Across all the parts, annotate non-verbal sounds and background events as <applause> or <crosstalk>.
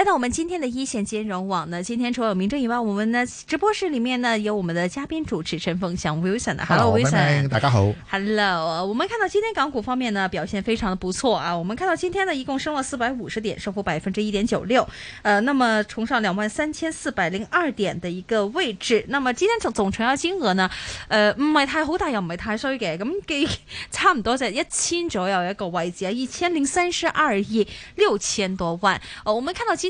來到我們今天的一線金融網呢，今天除了有名正以外，我們的直播室裏面呢有我們的嘉賓主持陳鳳翔 Wilson Hello Wilson，man, man, 大家好，Hello，我們看到今天港股方面呢表現非常的不錯啊，我們看到今天呢一共升了四百五十點，升幅百分之一點九六，呃，那麼衝上兩萬三千四百零二點的一個位置，那麼今天總總成交金額呢，呃，唔係太好大，又唔係太少嘅，咁幾，給差唔多在一千左右一個位置，一千零三十二億六千多萬哦、呃，我們看到今。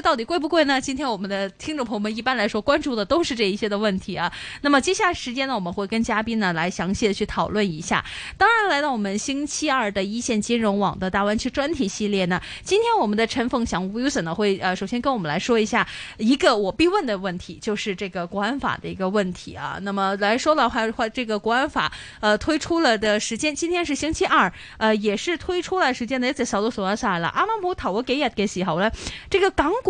到底貴不貴呢？今天我們的聽眾朋友們一般來說關注的都是這一些的問題啊。那麼接下來時間呢，我們會跟嘉賓呢來詳細的去討論一下。當然，來到我們星期二的一線金融網的大灣區專題系列呢，今天我們的陳鳳翔 Wilson 呢會呃首先跟我們來說一下一個我必問的問題，就是這個國安法的一個問題啊。那麼來說的話話，這個國安法呃推出了的時間，今天是星期二，呃也是推出了時間呢，一隻手都數得晒啦。啱啱好頭嗰幾日嘅時候咧，這個港股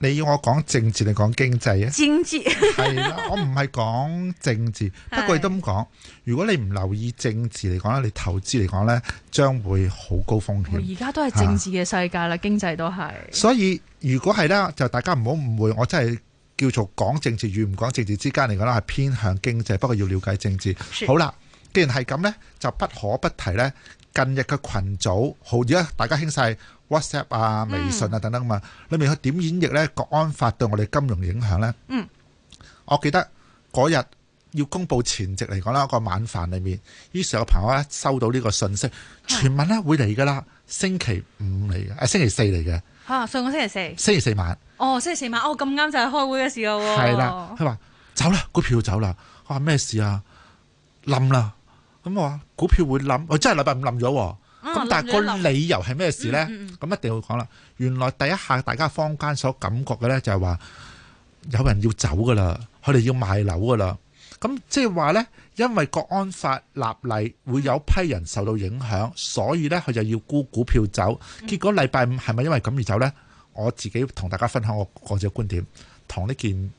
你要我講政治定講經濟啊？政治？係啦，我唔係講政治， <laughs> 不，政治 <laughs> 不過亦都咁講。如果你唔留意政治嚟講咧，你投資嚟講咧，將會好高風險。而家都係政治嘅世界啦，啊，經濟都係。所以如果係咧，就大家唔好誤會，我真係叫做講政治與唔講政治之間嚟講咧，係偏向經濟，不過要了解政治。好啦，既然係咁咧，就不可不提咧，近日嘅群組好而家大家興晒。WhatsApp 啊、微信啊等等嘛，裏面佢點演繹咧？國安法對我哋金融影響咧？嗯，我記得嗰日要公布前夕嚟講啦，一個晚飯裏面，於是有個朋友咧收到呢個信息，傳聞咧會嚟噶啦，星期五嚟嘅，誒星期四嚟嘅。吓，上個星期四，星期四晚。哦，星期四晚，哦咁啱就係開會嘅時候。係啦，佢話走啦，股票走啦。我話咩事啊？冧啦，咁我話股票會冧，哦真係禮拜五冧咗。咁、嗯、但係個理由係咩事呢？咁、嗯嗯嗯、一定要講啦。原來第一下大家坊間所感覺嘅呢，就係話有人要走噶啦，佢哋要賣樓噶啦。咁即係話呢，因為國安法立例會有批人受到影響，嗯，所以呢，佢就要沽股票走。結果禮拜五係咪因為咁而走呢？我自己同大家分享我個人嘅觀點，同呢件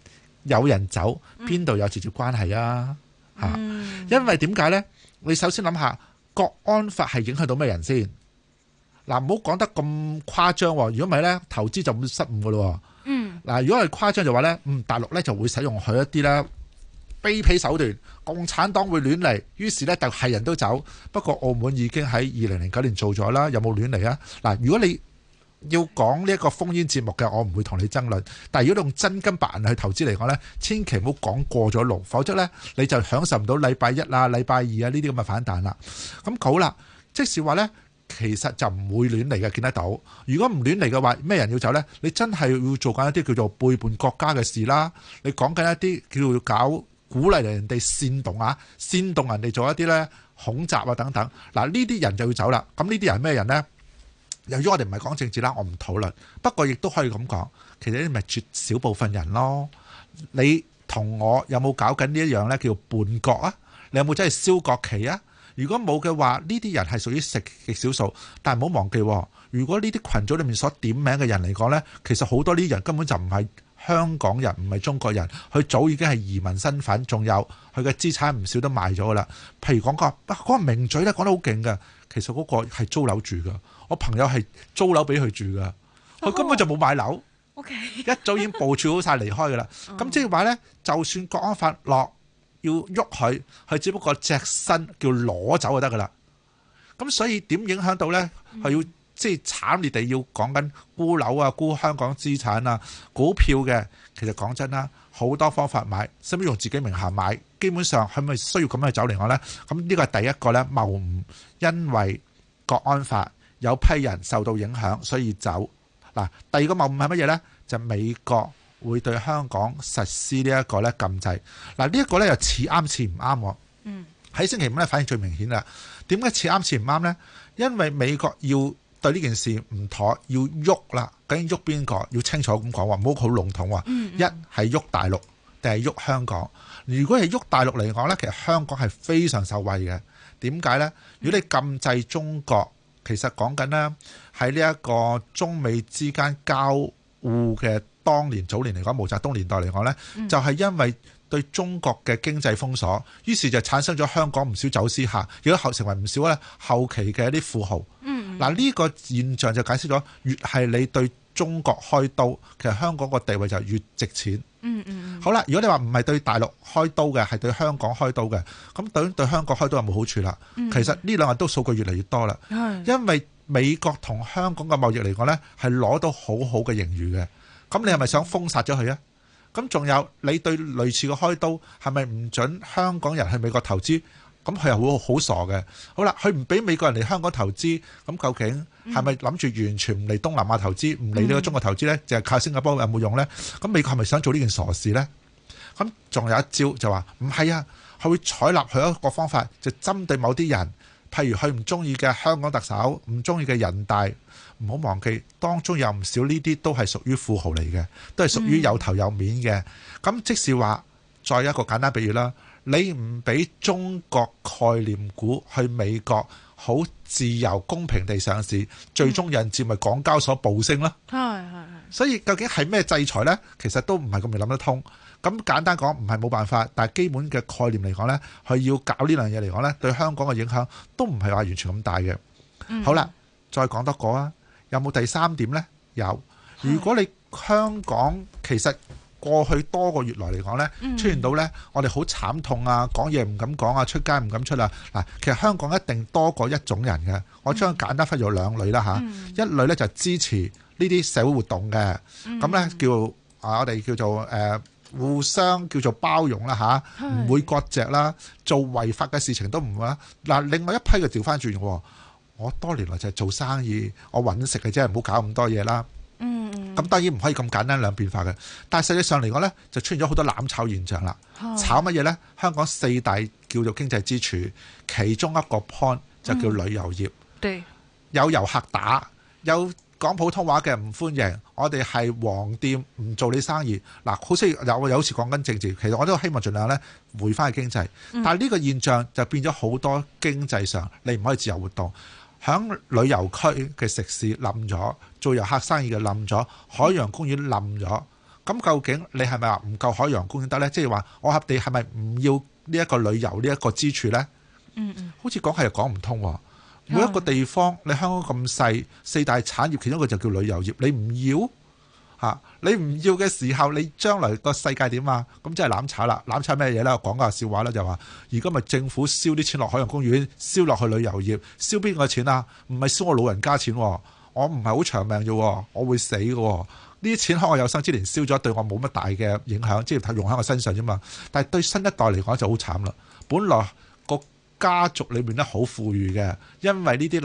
有人走邊度有直接關係啊？吓、嗯啊，因為點解呢？你首先諗下。國安法係影響到咩人先？嗱，唔好講得咁誇張。如果唔係呢，投資就會失誤噶咯。嗯。嗱，如果係誇張就話呢，嗯，大陸呢就會使用佢一啲呢卑鄙手段，共產黨會亂嚟，於是呢，就係人都走。不過澳門已經喺二零零九年做咗啦，有冇亂嚟啊？嗱，如果你要講呢一個烽煙節目嘅，我唔會同你爭論。但係如果用真金白銀去投資嚟講呢，千祈唔好講過咗龍，否則呢，你就享受唔到禮拜一啊、禮拜二啊呢啲咁嘅反彈啦。咁好啦，即使話呢，其實就唔會亂嚟嘅，見得到。如果唔亂嚟嘅話，咩人要走呢？你真係要做緊一啲叫做背叛國家嘅事啦。你講緊一啲叫做搞鼓勵人哋煽動啊、煽動人哋做一啲呢恐襲啊等等。嗱，呢啲人就要走啦。咁呢啲人咩人呢？由於我哋唔係講政治啦，我唔討論。不過，亦都可以咁講，其實呢啲咪絕少部分人咯。你同我有冇搞緊呢一樣呢？叫叛國啊？你有冇真係燒國旗啊？如果冇嘅話，呢啲人係屬於食極少數。但係唔好忘記，如果呢啲群組裏面所點名嘅人嚟講呢，其實好多呢啲人根本就唔係香港人，唔係中國人，佢早已經係移民身份，仲有佢嘅資產唔少都賣咗噶啦。譬如講、嗰個名嘴咧，講得好勁嘅，其實嗰個係租樓住㗎。我朋友係租樓俾佢住噶，佢根本就冇買樓。O、oh, K、okay. 一早已經部署好晒離開噶啦。咁即係話呢，就算國安法落要喐佢，佢只不過隻身叫攞走就得噶啦。咁所以點影響到呢？佢、嗯、要即係、就是、慘烈地要講緊沽樓啊、沽香港資產啊、股票嘅。其實講真啦，好多方法買，使唔使用自己名下買，基本上係咪需要咁樣走嚟講呢？咁呢個係第一個呢，謀唔因為國安法。有批人受到影響，所以走嗱。第二個謬誤係乜嘢呢？就美國會對香港實施呢一個呢禁制。嗱，呢一個呢，又似啱似唔啱。嗯，喺星期五呢，反應最明顯啦。點解似啱似唔啱呢？因為美國要對呢件事唔妥，要喐啦。究竟喐邊個？要清楚咁講話，唔好好籠統喎。嗯嗯。一係喐大陸，定係喐香港？如果係喐大陸嚟講呢，其實香港係非常受惠嘅。點解呢？如果你禁制中國。其實講緊呢，喺呢一個中美之間交互嘅當年早年嚟講，毛澤東年代嚟講呢，就係因為對中國嘅經濟封鎖，於是就產生咗香港唔少走私客，如果後成為唔少咧後期嘅一啲富豪。嗱、嗯、呢個現象就解釋咗，越係你對中國開刀，其實香港個地位就越值錢。嗯嗯，好啦，如果你話唔係對大陸開刀嘅，係對香港開刀嘅，咁對對香港開刀有冇好處啦？其實呢兩日都數據越嚟越多啦，因為美國同香港嘅貿易嚟講呢，係攞到好好嘅盈餘嘅，咁你係咪想封殺咗佢啊？咁仲有你對類似嘅開刀係咪唔準香港人去美國投資？咁佢又會好傻嘅。好啦，佢唔俾美國人嚟香港投資，咁究竟係咪諗住完全唔嚟東南亞投資，唔嚟呢個中國投資呢？淨係靠新加坡有冇用呢？咁美國係咪想做呢件傻事呢？咁仲有一招就話唔係啊，佢會採納佢一個方法，就針對某啲人，譬如佢唔中意嘅香港特首，唔中意嘅人大，唔好忘記當中有唔少呢啲都係屬於富豪嚟嘅，都係屬於有頭有面嘅。咁即使話再有一個簡單比喻啦。你唔俾中國概念股去美國好自由公平地上市，最終引致咪港交所暴升咯？係係係。所以究竟係咩制裁呢？其實都唔係咁易諗得通。咁簡單講，唔係冇辦法，但係基本嘅概念嚟講呢，佢要搞呢樣嘢嚟講呢，對香港嘅影響都唔係話完全咁大嘅。好啦，再講多個啊，有冇第三點呢？有。如果你香港其實，過去多個月來嚟講呢，出現到呢，我哋好慘痛啊！講嘢唔敢講啊，出街唔敢出啦。嗱，其實香港一定多過一種人嘅，我將簡單分咗兩類啦、嗯、一類呢就支持呢啲社會活動嘅，咁、嗯、呢叫啊，我哋叫做誒互相叫做包容啦，唔會割席啦，做違法嘅事情都唔會啦。嗱，另外一批嘅調返轉，我多年來就係做生意，我揾食嘅，啫，係唔好搞咁多嘢啦。嗯，咁、嗯、當然唔可以咁簡單兩變化嘅，但係實際上嚟講呢，就出現咗好多攬炒現象啦、啊。炒乜嘢呢？香港四大叫做經濟支柱，其中一個 point 就叫旅遊業。嗯、對，有遊客打，有講普通話嘅唔歡迎，我哋係黃店唔做你生意。嗱，好似有有時講緊政治，其實我都希望盡量呢回翻去經濟。嗯、但係呢個現象就變咗好多經濟上，你唔可以自由活動。響旅遊區嘅食肆冧咗，做遊客生意嘅冧咗，海洋公園冧咗。咁究竟你係咪話唔夠海洋公園得呢？即係話我哋係咪唔要呢一個旅遊呢一個支柱呢？好似講係又講唔通。每一個地方，你香港咁細，四大產業其中一個就叫旅遊業，你唔要？嚇！你唔要嘅時候，你將來個世界點啊？咁即係攬炒啦！攬炒咩嘢呢？講個笑話啦，就話而家咪政府燒啲錢落海洋公園，燒落去旅遊業，燒邊個錢啊？唔係燒我老人家錢，我唔係好長命嘅，我會死嘅。呢啲錢喺我有生之年燒咗，對我冇乜大嘅影響，即係用喺我身上啫嘛。但係對新一代嚟講就好慘啦，本來。家族裏面好富裕嘅，因為呢啲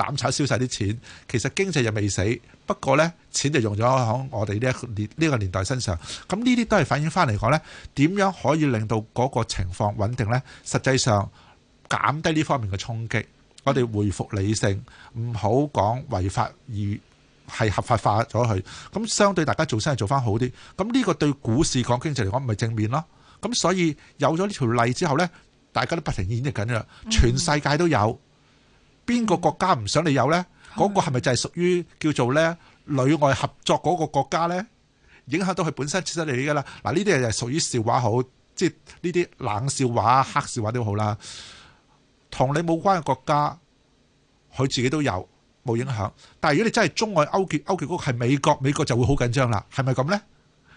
大家都不停演繹緊啦，全世界都有，邊個國家唔想你有呢？嗰、那個係咪就係屬於叫做呢？裏外合作嗰個國家呢，影響到佢本身損失利益噶啦。嗱，呢啲嘢就係屬於笑話好，即係呢啲冷笑話、黑笑話都好啦。同你冇關嘅國家，佢自己都有冇影響。但係如果你真係中外勾結，勾結嗰個係美國，美國就會好緊張啦。係咪咁呢？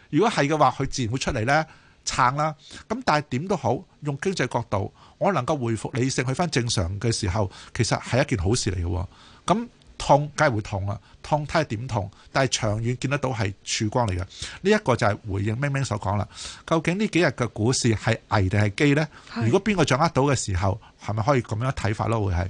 如果係嘅話，佢自然會出嚟呢。撐啦，咁但係點都好，用經濟角度，我能夠回復理性去翻正常嘅時候，其實係一件好事嚟嘅。咁痛梗係會痛啦，痛睇下點痛，但係長遠見得到係曙光嚟嘅。呢一個就係回應明明所講啦。究竟呢幾日嘅股市係危定係機呢？如果邊個掌握到嘅時候，係咪可以咁樣睇法咯？會係。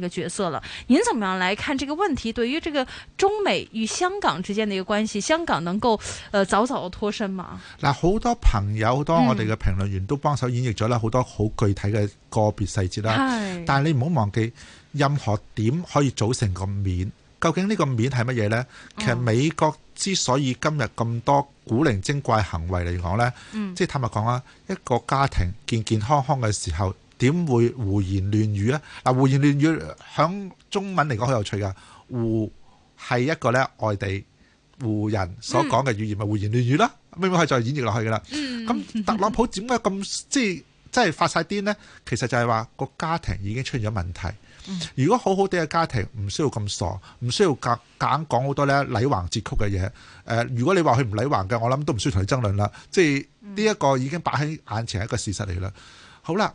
這個角色了，您怎麼樣來看這個問題？對於這個中美與香港之間的一個關係，香港能夠，呃，早早的脱身嗎？好多朋友，好多我哋嘅評論員都幫手演繹咗啦，好多好具體嘅個別細節啦，嗯。但係你唔好忘記，任何點可以組成個面。究竟呢個面係乜嘢呢？其實美國之所以今日咁多古靈精怪行為嚟講呢，即係坦白講啦，一個家庭健健康康嘅時候。點會胡言亂語呢？嗱，胡言亂語喺中文嚟講好有趣噶。胡係一個呢外地胡人所講嘅語言，咪、嗯就是、胡言亂語咯。咪咪係再演繹落去噶啦。咁、嗯、特朗普點解咁即係真係發晒癲呢？其實就係話個家庭已經出現咗問題。如果好好哋嘅家庭，唔需要咁傻，唔需要夾硬講好多呢禮橫折曲嘅嘢。誒、呃，如果你話佢唔禮橫嘅，我諗都唔需要同佢爭論啦。即係呢一個已經擺喺眼前係一個事實嚟啦。好啦。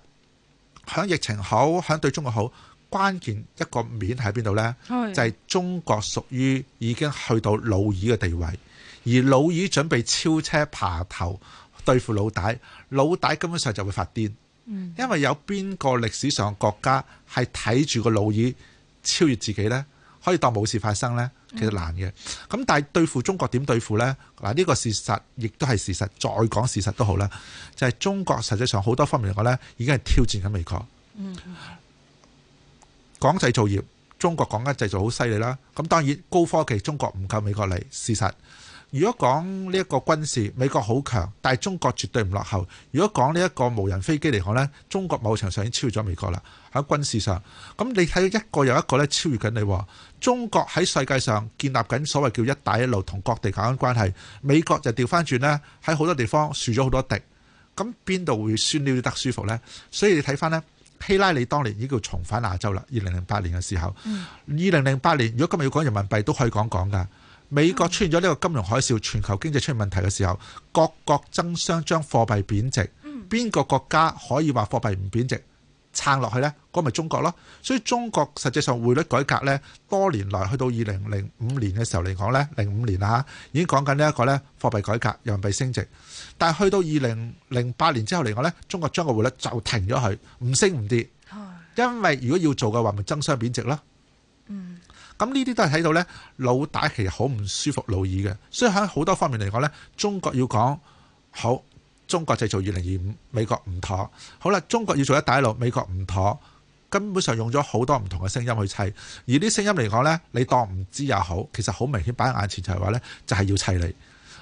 響疫情好，響對中國好，關鍵一個面喺邊度呢？是就係、是、中國屬於已經去到老二嘅地位，而老二準備超車爬頭對付老大，老大根本上就會發癲。因為有邊個歷史上國家係睇住個老二超越自己呢？可以當冇事發生呢？其實難嘅，咁但係對付中國點對付呢？嗱，呢個事實亦都係事實，再講事實都好啦。就係中國實際上好多方面嚟講呢，已經係挑戰緊美國。嗯，講製造業，中國講緊製造好犀利啦。咁當然高科技，中國唔夠美國嚟，事實。如果講呢一個軍事，美國好強，但係中國絕對唔落後。如果講呢一個無人飛機嚟講呢，中國某程度上已經超越咗美國啦。喺軍事上，咁你睇到一個又一個咧超越緊你。中國喺世界上建立緊所謂叫一帶一路同各地搞緊關係，美國就調翻轉咧喺好多地方樹咗好多敵。咁邊度會酸溜得舒服呢？所以你睇翻呢，希拉里當年已經叫重返亞洲啦。二零零八年嘅時候，二零零八年如果今日要講人民幣都可以講講㗎。美國出現咗呢個金融海嘯，全球經濟出現問題嘅時候，各國爭相將貨幣貶值。邊、嗯、個國家可以話貨幣唔貶值撐落去呢？嗰咪中國咯。所以中國實際上匯率改革呢，多年來去到二零零五年嘅時候嚟講呢，零五年啊已經講緊呢一個呢貨幣改革、人幣升值。但係去到二零零八年之後嚟講呢，中國將個匯率就停咗佢，唔升唔跌，因為如果要做嘅話，咪爭相貶值咯。嗯。咁呢啲都係睇到呢，老大其實好唔舒服老二嘅，所以喺好多方面嚟講呢，中國要講好，中國製造二零二五美國唔妥，好啦，中國要做一帶一路美國唔妥，根本上用咗好多唔同嘅聲音去砌，而啲聲音嚟講呢，你當唔知又好，其實好明顯擺喺眼前就係話呢，就係、是、要砌你。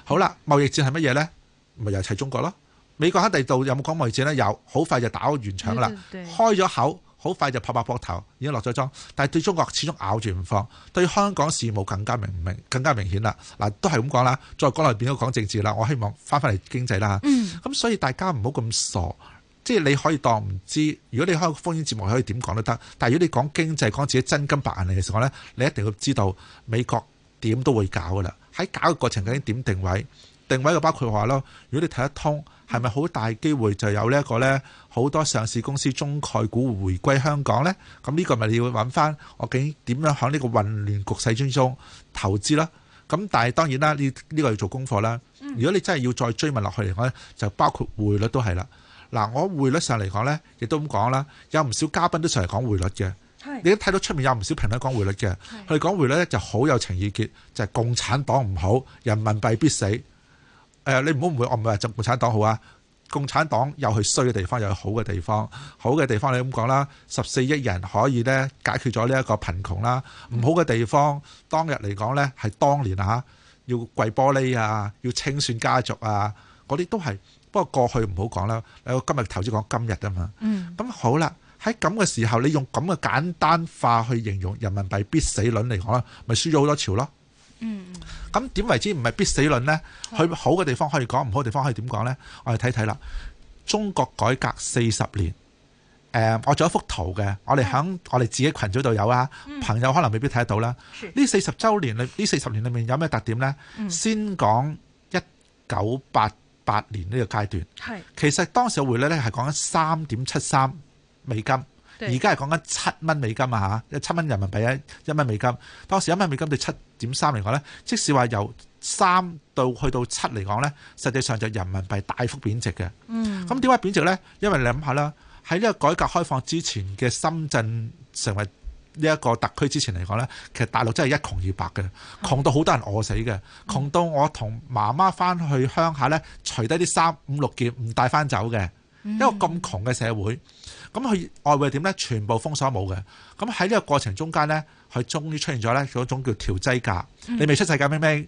好啦，貿易戰係乜嘢呢？咪、就是、又砌中國咯？美國喺第度有冇講貿易戰呢？有，好快就打完場啦，開咗口。好快就拍拍膊頭，已經落咗莊，但係對中國始終咬住唔放，對香港事務更加明唔明更加明顯啦。嗱，都係咁講啦，再國內變咗講政治啦。我希望翻返嚟經濟啦嚇。咁、嗯、所以大家唔好咁傻，即係你可以當唔知。如果你開個風煙節目，可以點講都得。但係如果你講經濟，講自己真金白銀嚟嘅時候呢，你一定要知道美國點都會搞噶啦。喺搞嘅過程究竟點定位定位又包括話咯。如果你睇得通。係咪好大機會就有呢一個呢？好多上市公司中概股回歸香港呢？咁呢個咪你要揾翻我究竟點樣喺呢個混亂局勢之中投資啦？咁但係當然啦，呢、呢、呢個要做功課啦。如果你真係要再追問落去嚟講呢就包括匯率都係啦。嗱，我匯率上嚟講呢，亦都咁講啦，有唔少嘉賓都上嚟講匯率嘅。你都睇到出面有唔少評論講匯率嘅，佢哋講匯率呢就好有情意結，就係、係、共產黨唔好，人民幣必死。誒，你唔好唔會，我唔係話就共產黨好啊！共產黨又去衰嘅地方，又去好嘅地方。好嘅地方你咁講啦，十四億人可以咧解決咗呢一個貧窮啦。唔好嘅地方，當日嚟講咧，係當年呀、啊，要跪玻璃啊，要清算家族啊，嗰啲都係。不過過去唔好講啦。今日投資講今日啊嘛。嗯。咁好啦，喺咁嘅時候，你用咁嘅簡單化去形容人民幣必死論嚟講啦，咪輸咗好多潮咯。嗯，咁點為之唔係必死論呢？去好嘅地方可以講，唔好嘅地方可以點講呢？我哋睇睇啦。中國改革四十年，呃，我做一幅圖嘅，我哋喺，嗯、我哋自己群組度有啊。朋友可能未必睇得到啦。呢四十周年裏，呢四十年裏面有咩特點呢？嗯，先講一九八八年呢個階段，係其實當時嘅匯率呢係講緊三點七三美金。而家係講緊七蚊美金，啊吓，一七蚊人民幣一一蚊美金。當時一蚊美金對七點三嚟講呢，即使話由三到去到七嚟講呢，實際上就人民幣大幅貶值嘅。嗯，咁點解貶值呢？因為你諗下啦，喺呢個改革開放之前嘅深圳成為呢一個特區之前嚟講呢，其實大陸真係一窮二白嘅，窮到好多人餓死嘅，窮到我同媽媽翻去鄉下呢，除低啲衫五六件唔帶翻走嘅，一個咁窮嘅社會。咁佢外匯點咧，全部封鎖冇嘅。咁喺呢個過程中間呢，佢終於出現咗呢嗰種叫調劑價。你未出世界咩咩？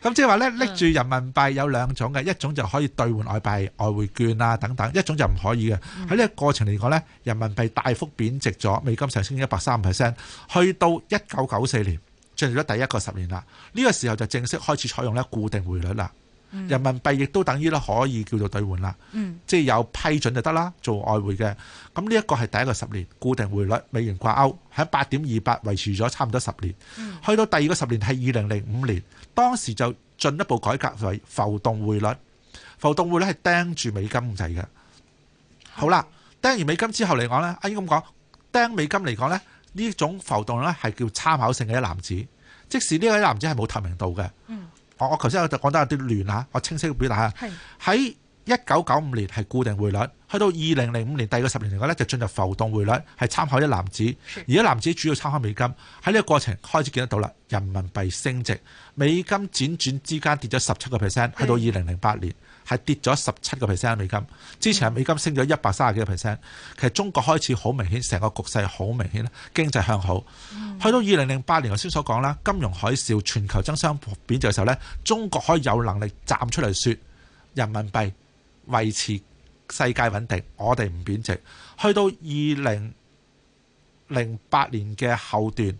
咁 <laughs> <laughs> 即係話呢，拎住人民幣有兩種嘅，一種就可以兌換外幣、外匯券啊等等，一種就唔可以嘅。喺呢個過程嚟講呢，人民幣大幅貶值咗，美金上升一百三 percent，去到一九九四年進入咗第一個十年啦。呢個時候就正式開始採用咧固定匯率啦。嗯、人民幣亦都等於咧可以叫做兌換啦、嗯，即係有批准就得啦，做外匯嘅。咁呢一個係第一個十年固定匯率，美元掛鉤喺八點二八維持咗差唔多十年、嗯。去到第二個十年係二零零五年，當時就進一步改革為浮動匯率。浮動匯率係釘住美金咁滯嘅。好啦，釘完美金之後嚟講呢，應該咁講釘美金嚟講呢，呢種浮動咧係叫參考性嘅一籃子，即使呢個一籃子係冇透明度嘅。嗯。我我頭先我就講得有啲亂嚇，我清晰嘅表達嚇。喺一九九五年係固定匯率，去到二零零五年第二個十年嚟講咧，就進入浮動匯率，係參考一籃子。而一籃子主要參考美金。喺呢個過程開始見得到啦，人民幣升值，美金輾轉，轉之間跌咗十七個 percent，去到二零零八年。係跌咗十七個 percent 美金，之前係美金升咗一百三十幾個 percent，其實中國開始好明顯，成個局勢好明顯啦，經濟向好。去到二零零八年頭先所講啦，金融海嘯、全球爭相貶值嘅時候呢，中國可以有能力站出嚟説，人民幣維持世界穩定，我哋唔貶值。去到二零零八年嘅後段，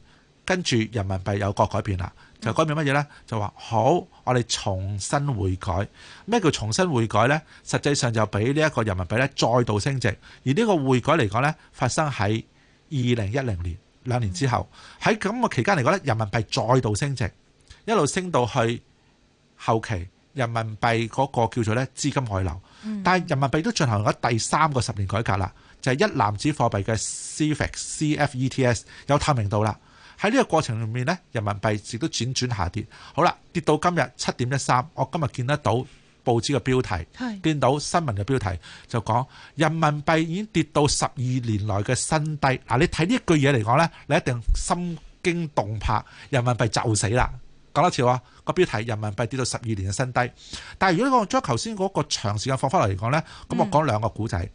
跟住人民幣有個改變啦。就改變乜嘢呢？就話好，我哋重新匯改。咩叫重新匯改呢？實際上就俾呢一個人民幣呢再度升值。而呢個匯改嚟講呢，發生喺二零一零年兩年之後。喺咁個期間嚟講呢，人民幣再度升值，一路升到去後期，人民幣嗰個叫做呢資金外流、嗯。但係人民幣都進行咗第三個十年改革啦，就係、係、一籃子貨幣嘅 CFETS 有透明度啦。喺呢個過程裏面呢，人民幣亦都輾轉下跌。好啦，跌到今日七點一三。我今日見得到報紙嘅標題，見到新聞嘅標題就講人民幣已經跌到十二年來嘅新低。嗱、啊，你睇呢句嘢嚟講呢，你一定心驚動魄。人民幣就死啦！講多次話個標題，人民幣跌到十二年嘅新低。但係如果你我將頭先嗰個長時間放翻嚟嚟講呢，咁我講兩個古仔、嗯。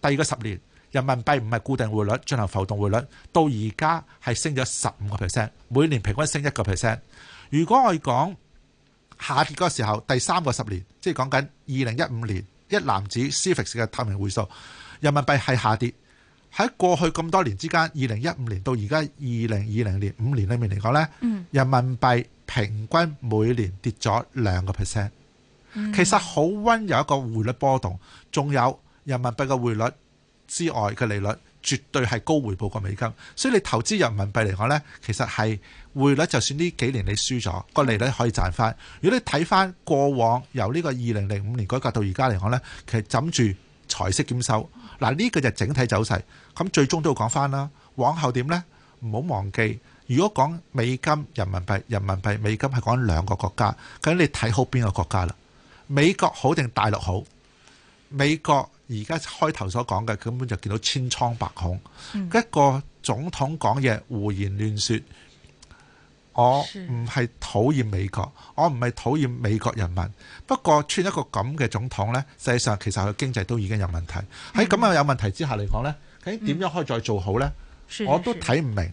第二個十年。人民幣唔係固定匯率，進行浮動匯率，到而家係升咗十五個 percent，每年平均升一個 percent。如果我講下跌嗰時候，第三個十年，即係講緊二零一五年一男子 CFA 嘅透明匯數，人民幣係下跌。喺過去咁多年之間，二零一五年到而家二零二零年五年裏面嚟講呢，人民幣平均每年跌咗兩個 percent。其實好溫柔一個匯率波動，仲有人民幣嘅匯率。之外嘅利率絕對係高回報過美金，所以你投資人民幣嚟講呢，其實係匯率就算呢幾年你輸咗個利率可以賺翻。如果你睇翻過往由呢個二零零五年改革到而家嚟講呢，其實枕住財息兼收。嗱呢個就整體走勢，咁最終都要講翻啦。往後點呢？唔好忘記，如果講美金、人民幣、人民幣、美金係講兩個國家，究竟你睇好邊個國家啦？美國好定大陸好？美國？而家開頭所講嘅根本就見到千瘡百孔，嗯、一個總統講嘢胡言亂說，我唔係討厭美國，我唔係討厭美國人民，不過串一個咁嘅總統呢，實際上其實佢經濟都已經有問題。喺咁樣有問題之下嚟講呢，佢點樣可以再做好呢？嗯、我都睇唔明。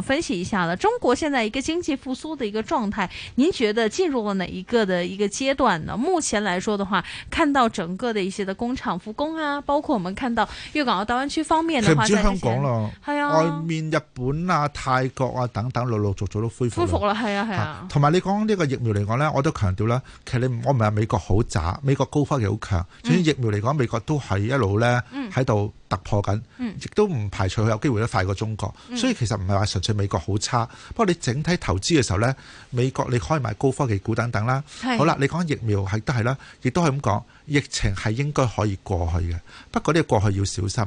分析一下了，中國現在一個經濟復甦的一個狀態，您覺得進入了哪一個的一個階段呢？目前來說的話，看到整個的一些的工廠復工啊，包括我們看到粵港澳大灣區方面的話，在香港咯，還有、啊、外面日本啊、泰國啊等等，陸陸續續都恢復恢復,復了，是啊，是啊。同埋、啊、你講呢個疫苗嚟講呢，我都強調啦，其實你我唔係話美國好渣，美國高科技好強，所、嗯、以疫苗嚟講，美國都係一路呢喺度。嗯在突破緊，亦都唔排除佢有機會都快過中國、嗯。所以其實唔係話純粹美國好差，不過你整體投資嘅時候呢，美國你可以買高科技股等等啦。好啦，你講疫苗係都係啦，亦都係咁講，疫情係應該可以過去嘅。不過呢個過去要小心，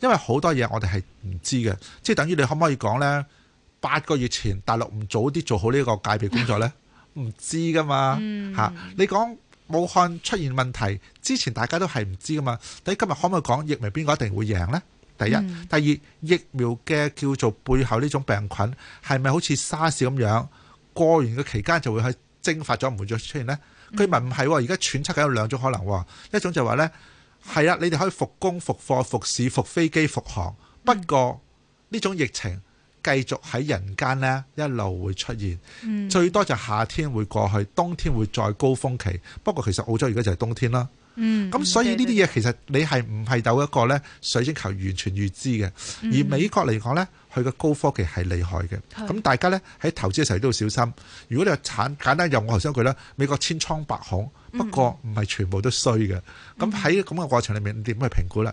因為好多嘢我哋係唔知嘅。即係等於你可唔可以講呢？八個月前大陸唔早啲做好呢個戒備工作呢？唔 <laughs> 知㗎嘛、嗯、吓、你講武漢出現問題之前，大家都係唔知㗎嘛？你今日可唔可以講疫苗邊個一定會贏呢？第一、嗯、第二，疫苗嘅叫做背後呢種病菌係咪好似沙士咁樣過完嘅期間就會去蒸發咗，唔會再出現呢？佢問唔係喎，而家、哦、揣測緊有兩種可能喎、哦，一種就話呢，係啦、啊，你哋可以復工復課復市復飛機復航，不過呢、嗯、種疫情。繼續喺人間呢一路會出現，嗯、最多就夏天會過去冬天會再高峰期。不過其實澳洲而家就係冬天啦。嗯，咁所以呢啲嘢，其實你係唔係有一個呢水晶球完全預知嘅，嗯？而美國嚟講呢，佢嘅高科技係厲害嘅。咁、嗯、大家呢喺投資嘅時候都要小心。如果你話產簡單由我頭先嗰句啦，美國千瘡百孔，不過唔係全部都衰嘅。咁喺咁嘅過程裏面，你點去評估呢？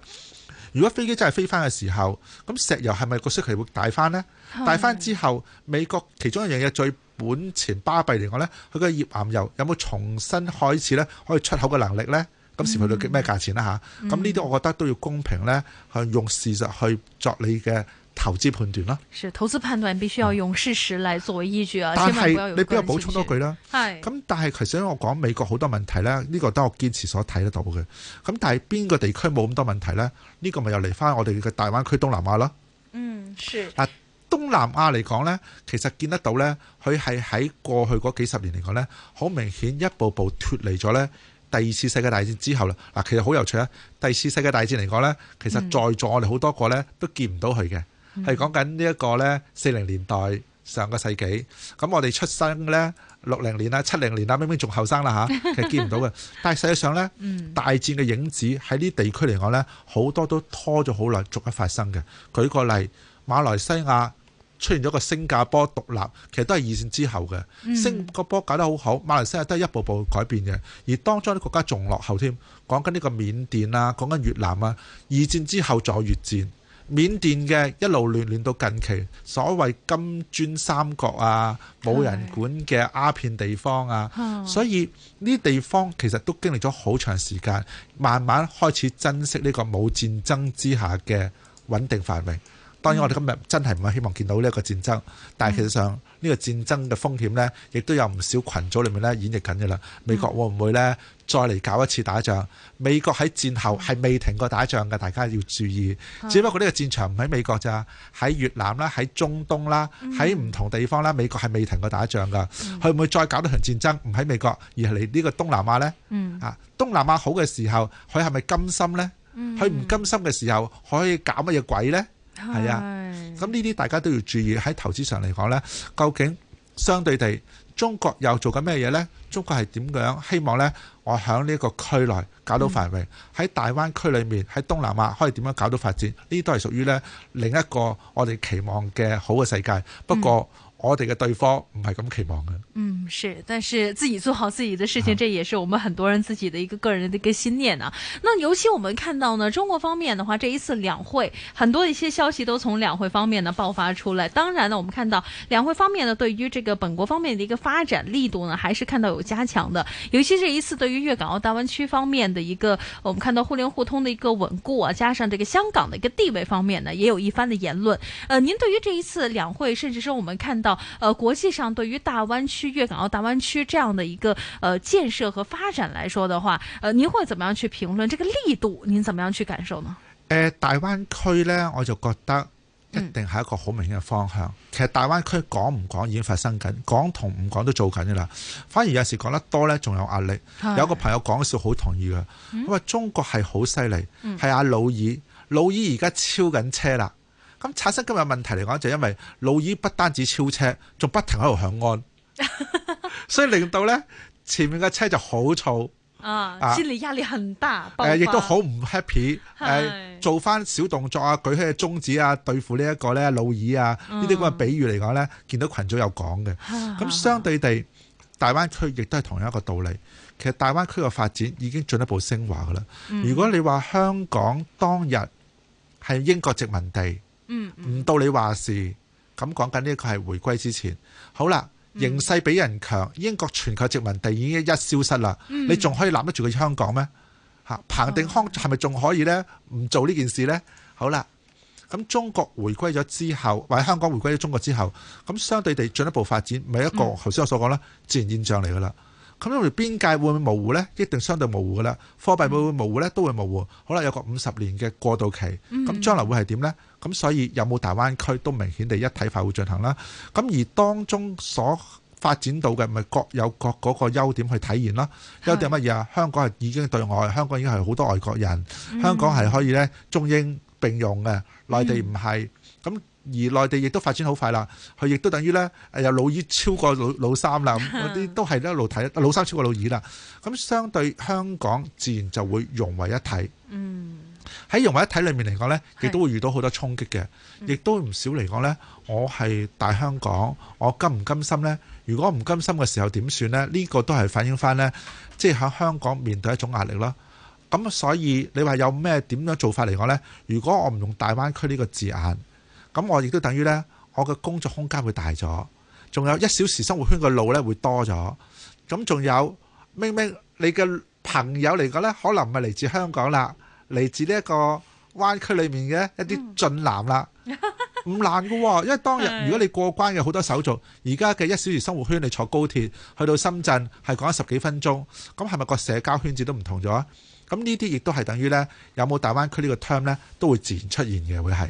如果飛機真係飛翻嘅時候，咁石油係咪個需求會大翻呢？大翻之後，美國其中一樣嘢最本錢巴閉嚟講呢，佢嘅頁岩油有冇重新開始呢？可以出口嘅能力呢？咁時去到咩價錢啦吓？咁呢啲、嗯、我覺得都要公平呢，向用事實去作你嘅投資判斷啦，投資判斷必須要用事實來作為依據啊、嗯。但係你不要補充多句啦，咁、嗯、但係其實因為我講美國好多，這個嗯、多問題呢、呢、這個都係我堅持所睇得到嘅。咁但係邊個地區冇咁多問題呢？呢個咪又嚟翻我哋嘅大灣區東南亞咯。嗯，是嗱、啊、東南亞嚟講呢，其實見得到呢，佢係喺過去嗰幾十年嚟講呢，好明顯一步步脫離咗呢第二次世界大戰之後啦。嗱、啊，其實好有趣啊！第二次世界大戰嚟講呢，其實在座我哋好多個呢，都見唔到佢嘅。嗯係講緊呢一個呢四零年代上個世紀咁，我哋出生呢六零年啦、七零年啦，明明仲後生啦吓，其實見唔到嘅。但係實際上呢，大戰嘅影子喺呢地區嚟講呢，好多都拖咗好耐，逐一發生嘅。舉個例，馬來西亞出現咗個新加坡獨立，其實都係二戰之後嘅。新加坡搞得好好，馬來西亞都係一步步改變嘅。而當中啲國家仲落後添，講緊呢個緬甸啊，講緊越南啊，二戰之後再越戰。緬甸嘅一路亂亂到近期，所謂金磚三角啊，冇人管嘅鴉片地方啊，的所以呢地方其實都經歷咗好長時間，慢慢開始珍惜呢個冇戰爭之下嘅穩定繁榮。當然，我哋今日真係唔係希望見到呢一個戰爭，但係其實上呢個戰爭嘅風險呢，亦都有唔少群組裡面呢演繹緊嘅啦。美國會唔會呢再嚟搞一次打仗？美國喺戰後係未停過打仗嘅，大家要注意。只不過呢個戰場唔喺美國咋，喺越南啦，喺中東啦，喺唔同地方啦，美國係未停過打仗㗎。佢會唔會再搞一場戰爭？唔喺美國而係嚟呢個東南亞呢？啊，東南亞好嘅時候，佢係咪甘心呢？佢唔甘心嘅時候，可以搞乜嘢鬼呢？係啊，咁呢啲大家都要注意。喺投資上嚟講，呢究竟相對地中國又做緊咩嘢呢？中國係點樣希望呢，我喺呢一個區內搞到繁榮，喺、嗯、大灣區裏面，喺東南亞可以點樣搞到發展？呢啲都係屬於呢另一個我哋期望嘅好嘅世界。不過，嗯我哋嘅對方唔係咁期望嘅。嗯，是，但是自己做好自己的事情，這也是我們很多人自己的一個個人嘅一個信念啊。那尤其我們看到呢，中國方面的話，這一次兩會，很多一些消息都從兩會方面呢爆發出來。當然呢，我們看到兩會方面呢，對於這個本國方面的一個發展力度呢，還是看到有加強的。尤其這一次對於粵港澳大灣區方面的一個，我們看到互聯互通的一個穩固，啊，加上這個香港的一個地位方面呢，也有一番的言論。呃，您對於這一次兩會，甚至說我們看到。呃，國際上對於大灣區、粵港澳大灣區這樣的一個呃建設和發展來說的話，呃，您會怎麼樣去評論？這個力度您怎麼樣去感受呢？誒、呃，大灣區呢，我就覺得一定係一個好明顯嘅方向，嗯。其實大灣區講唔講已經發生緊，講同唔講都做緊噶啦。反而有時講得多咧，仲有壓力。有個朋友講笑好同意噶，因為中國係好犀利，係、嗯、阿老二，老二而家超緊車啦。咁產生今日問題嚟講，就因為老二不單止超車，仲不停喺度響安， <laughs> 所以令到呢前面嘅車就好躁，啊！心、啊、理壓力很大，亦都好唔 happy、呃。做翻小動作啊，舉起嘅中指，啊，對付呢一個咧老二啊，呢啲咁嘅比喻嚟講呢見到群組有講嘅。咁、嗯、相對地，大灣區亦都係同樣一個道理。其實大灣區嘅發展已經進一步升華噶啦、嗯。如果你話香港當日係英國殖民地。嗯，唔到你話事，咁講緊呢個係回歸之前，好啦，形勢比人強、嗯，英國全球殖民地已經一消失啦、嗯。你仲可以攬得住佢香港咩？彭定康係咪仲可以呢？唔做呢件事呢？好啦，咁中國回歸咗之後，或者香港回歸咗中國之後，咁相對地進一步發展，咪一個頭先、嗯、我所講啦，自然現象嚟噶啦。咁因為邊界會唔會模糊呢？一定相對模糊噶啦。貨幣會唔會模糊呢？都會模糊。好啦，有個五十年嘅過渡期，咁將來會係點呢？咁、嗯、所以有冇大灣區都明顯地一體化會進行啦。咁而當中所發展到嘅咪各有各嗰個優點去體現咯。優點乜嘢啊？香港係已經對外，香港已經係好多外國人，香港係可以呢中英並用嘅、嗯。內地唔係。咁而內地亦都發展好快啦。佢亦都等於呢，由老二超過老老三啦。嗰 <laughs> 啲都係一路睇，老三超過老二啦。咁相對香港自然就會融為一體。嗯。喺融為一體裏面嚟講呢，亦都會遇到好多衝擊嘅，亦都唔少嚟講呢，我係大香港，我甘唔甘心呢？如果唔甘心嘅時候點算呢？呢、呢個都係反映翻呢，即係喺香港面對一種壓力啦，咁所以你話有咩點樣做法嚟講呢？如果我唔用大灣區呢個字眼，咁我亦都等於呢，我嘅工作空間會大咗，仲有一小時生活圈嘅路呢會多咗。咁仲有明明你嘅朋友嚟講呢，可能唔係嚟自香港啦。嚟自呢一個灣區裏面嘅一啲進攔啦，唔、嗯、 <laughs> 難嘅喎，因為當日如果你過關嘅好多手續，而家嘅一小時生活圈，你坐高鐵去到深圳係講咗十幾分鐘，咁係咪個社交圈子都唔同咗？咁呢啲亦都係等於呢：有冇大灣區呢個 term 呢都會自然出現嘅會係。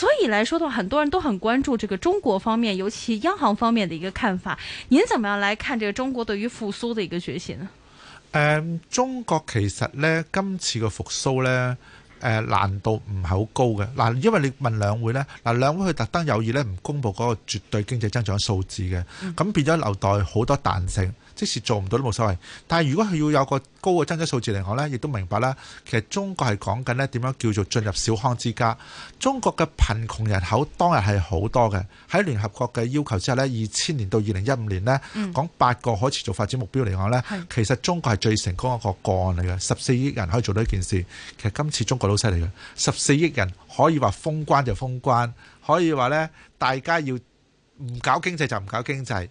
所以來說的話，很多人都很關注這個中國方面，尤其是央行方面的一個看法。您怎麼樣來看這個中國對於復甦的一個決心呢？誒、呃，中國其實呢，今次個復甦呢，誒、呃、難度唔係好高嘅。嗱，因為你問兩會呢，嗱，兩會佢特登有意呢，唔公布嗰個絕對經濟增長數字嘅，咁、嗯、變咗留待好多彈性。即使做唔到都冇所謂，但係如果佢要有個高嘅增長數字嚟講呢，亦都明白啦。其實中國係講緊呢點樣叫做進入小康之家。中國嘅貧窮人口當日係好多嘅。喺聯合國嘅要求之下呢，二千年到二零一五年呢，講八個可持續發展目標嚟講呢，其實中國係最成功的一個個案嚟嘅。十四億人可以做到一件事，其實今次中國都犀利嘅。十四億人可以話封關就封關，可以話呢大家要唔搞經濟就唔搞經濟，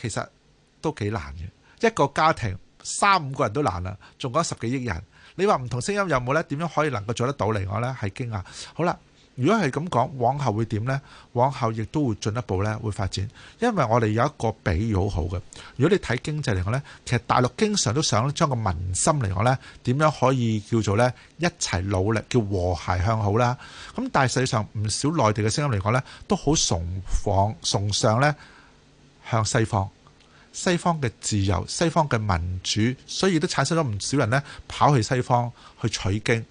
其實。都幾難嘅，一個家庭三五個人都難啦，仲講十幾億人，你話唔同聲音有冇咧？點樣可以能夠做得到嚟講咧？係驚訝。好啦，如果係咁講，往後會點咧？往後亦都會進一步咧，會發展。因為我哋有一個比喻好好嘅。如果你睇經濟嚟講咧，其實大陸經常都想將個民心嚟講咧，點樣可以叫做咧一齊努力，叫和諧向好啦。咁但係實際上唔少內地嘅聲音嚟講咧，都好崇仿崇尚咧向西方。西方嘅自由、西方嘅民主，所以都產生咗唔少人呢跑去西方去取經。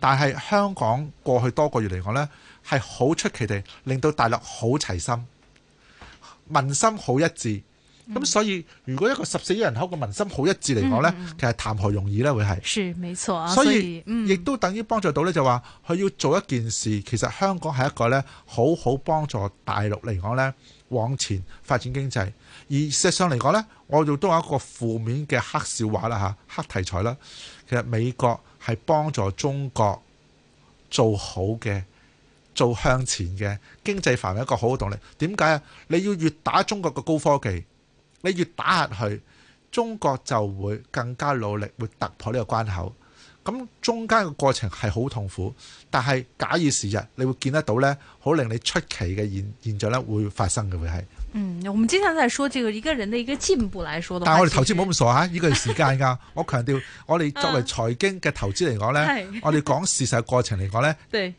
但係香港過去多個月嚟講咧，係好出奇地令到大陸好齊心，民心好一致。咁、嗯、所以，如果一個十四億人口嘅民心好一致嚟講咧，其實談何容易咧？會係，是，沒錯、啊、所以亦、嗯、都等於幫助到呢就話，佢要做一件事。其實香港係一個咧，好好幫助大陸嚟講咧，往前發展經濟，而事實上嚟講咧，我哋都有一個負面嘅黑笑話啦吓，黑題材啦。其實美國係幫助中國做好嘅，做向前嘅經濟繁榮一個好嘅動力。點解啊？你要越打中國嘅高科技。你越打壓佢，中國就會更加努力，會突破呢個關口。咁中間嘅過程係好痛苦，但係假以時日，你會見得到呢，好令你出奇嘅現象呢會發生嘅會係。嗯，我們經常在說這個一個人的一個進步來說。但我哋投資唔好咁傻嚇，呢個係時間㗎。我強調，我哋作為財經嘅投資嚟講呢，我哋講事實過程嚟講呢。對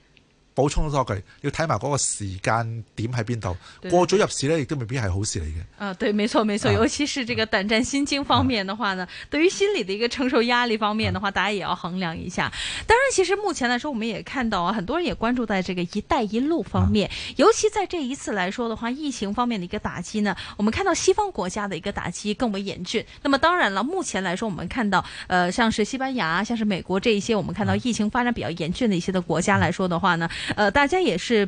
補充多句，要睇埋嗰個時間點喺邊度。過咗入市呢？亦都未必係好事嚟嘅。啊，對，冇錯冇錯，尤其是這個膽戰心驚方面的話呢、啊，對於心理的一個承受壓力方面的話，啊、大家也要衡量一下。當然，其實目前來說，我們也看到啊，很多人也關注在這個「一帶一路」方面、啊，尤其在這一次來說的話，疫情方面的一個打擊呢，我們看到西方國家的一個打擊更為嚴峻。那麼當然了，目前來說，我們看到，呃，像是西班牙、像是美國這一些，我們看到疫情發展比較嚴峻的一些的國家來說的話呢。呃，大家也是。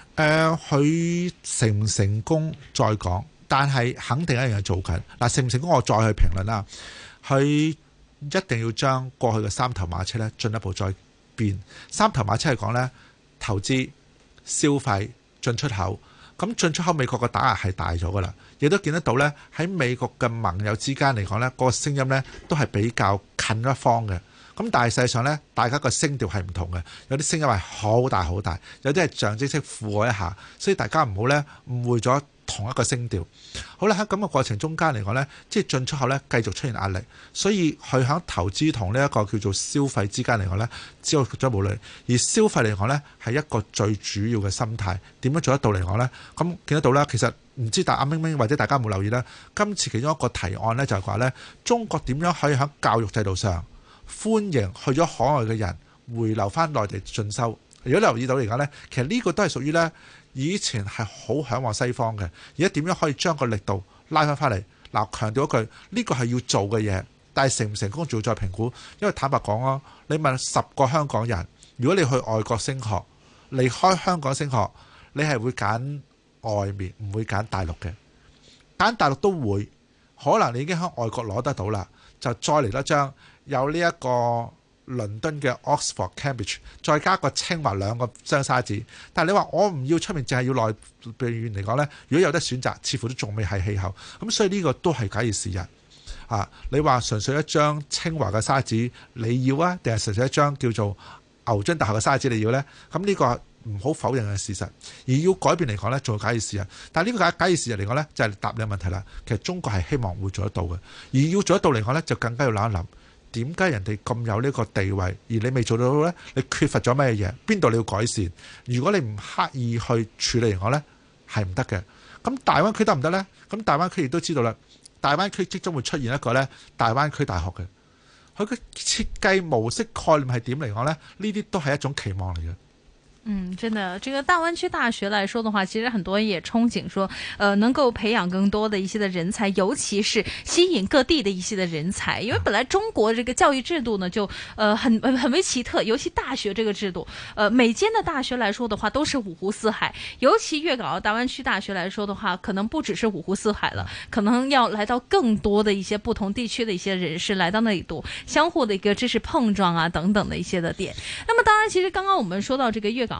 誒、呃，佢成唔成功再講，但係肯定一樣係做緊嗱，成唔成功我再去評論啦。佢一定要將過去嘅三頭馬車咧進一步再變。三頭馬車係講咧，投資、消費、進出口，咁進出口美國嘅打壓係大咗噶啦，亦都見得到呢，喺美國嘅盟友之間嚟講呢，個聲音呢都係比較近一方嘅。咁但係，事實上咧，大家個聲調係唔同嘅，有啲聲音係好大好大，有啲係象徵式附和一下，所以大家唔好咧誤會咗同一個聲調。好啦，喺咁嘅過程中間嚟講咧，即係進出口咧繼續出現壓力，所以佢喺投資同呢一個叫做消費之間嚟講咧，只有冇女而消費嚟講咧係一個最主要嘅心態點樣做得到嚟講咧？咁見得到啦。其實唔知大阿明明或者大家有冇留意咧？今次其中一個提案咧就係話咧，中國點樣可以喺教育制度上，歡迎去咗海外嘅人回流翻內地進修。如果你留意到嚟講呢，其實呢個都係屬於呢，以前係好向往西方嘅。而家點樣可以將個力度拉翻翻嚟？嗱，強調一句，呢個係要做嘅嘢，但係成唔成功，仲要再評估。因為坦白講啊，你問十個香港人，如果你去外國升學，離開香港升學，你係會揀外面，唔會揀大陸嘅。揀大陸都會，可能你已經喺外國攞得到啦，就再嚟得張。有呢一個倫敦嘅 Oxford Cambridge，再加個清華兩個雙沙紙。但你話我唔要出面，淨係要內邊院嚟講呢？如果有得選擇，似乎都仲未係氣候咁，所以呢個都係假以時日啊。你話純粹一張清華嘅沙紙你要啊，定係純粹一張叫做牛津大學嘅沙紙你要呢？咁呢個唔好否認嘅事實。而要改變嚟講呢，做假以時日。但呢個假假以時日嚟講呢，就係、是、答你嘅問題啦。其實中國係希望會做得到嘅，而要做得到嚟講呢，就更加要諗一諗。點解人哋咁有呢個地位，而你未做到呢？你缺乏咗咩嘢？邊度你要改善？如果你唔刻意去處理嚟講呢，係唔得嘅。咁大灣區得唔得呢？咁大灣區亦都知道啦。大灣區即將會出現一個呢，大灣區大學嘅，佢嘅設計模式概念係點嚟講呢？呢啲都係一種期望嚟嘅。嗯，真的，這個大灣區大學來說的話，其實很多人也憧憬說，呃，能夠培養更多的一些的人才，尤其是吸引各地的一些的人才，因為本來中國這個教育制度呢，就呃很很為奇特，尤其大學這個制度，呃，每間的大學來說的話，都是五湖四海，尤其粵港澳大灣區大學來說的話，可能不只是五湖四海了，可能要來到更多的一些不同地區的一些人士來到那裡讀，相互的一個知識碰撞啊等等的一些的點。那麼當然，其實剛剛我們說到這個粵港